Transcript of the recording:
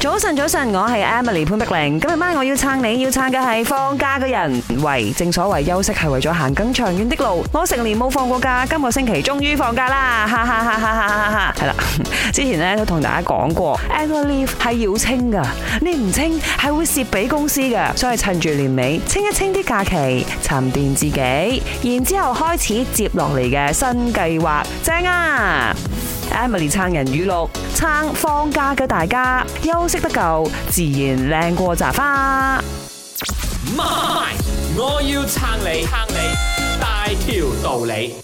早晨，早晨，我係 Emily 潘碧玲，今日晚我要撐你，要撐嘅係放假嘅人。喂，正所謂休息係為咗行更長遠的路，我成年冇放過假，今個星期終於放假啦，哈哈哈，哈哈哈哈，係啦，之前咧都同大家講過 annual leave 係要清噶，你唔清係會蝕俾公司嘅，所以趁住年尾清一清啲假期，沉澱自己，然之後開始接落嚟嘅新計劃，正啊！Emily 撐人語錄，撐放假嘅大家休息得夠，自然靚過雜花。媽咪，我要撐你，撐你大條道理。